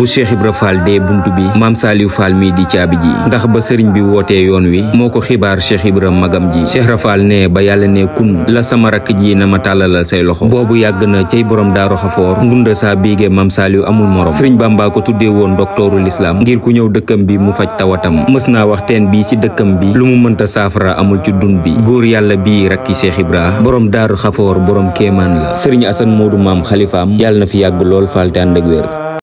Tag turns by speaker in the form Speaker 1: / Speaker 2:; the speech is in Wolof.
Speaker 1: bu Cheikh Ibra dee bunt bi maam Saliou Fall mii di caabi ji ndax ba sëriñ bi wootee yoon wi moo ko xibaar Cheikh Ibra magam ji Cheikh Rafal ne ba yàlla ne kun la sama rakk ji na ma tàllalal say loxo boobu yàgg na cay borom daaru xafoor ngunda saa biige maam Saliou amul morom sëriñ Bamba ko tuddee woon doktooru lislaam ngir ku ñëw dëkkam bi mu faj tawatam mës naa wax teen bii ci dëkkam bi lu mu mënta saafara amul ci dund bi góor yàlla bii rakki Cheikh Ibra borom daaru xafoor borom kéemaan la sëriñ Asan maam xalifaam yàlla na fi yàgg lool falte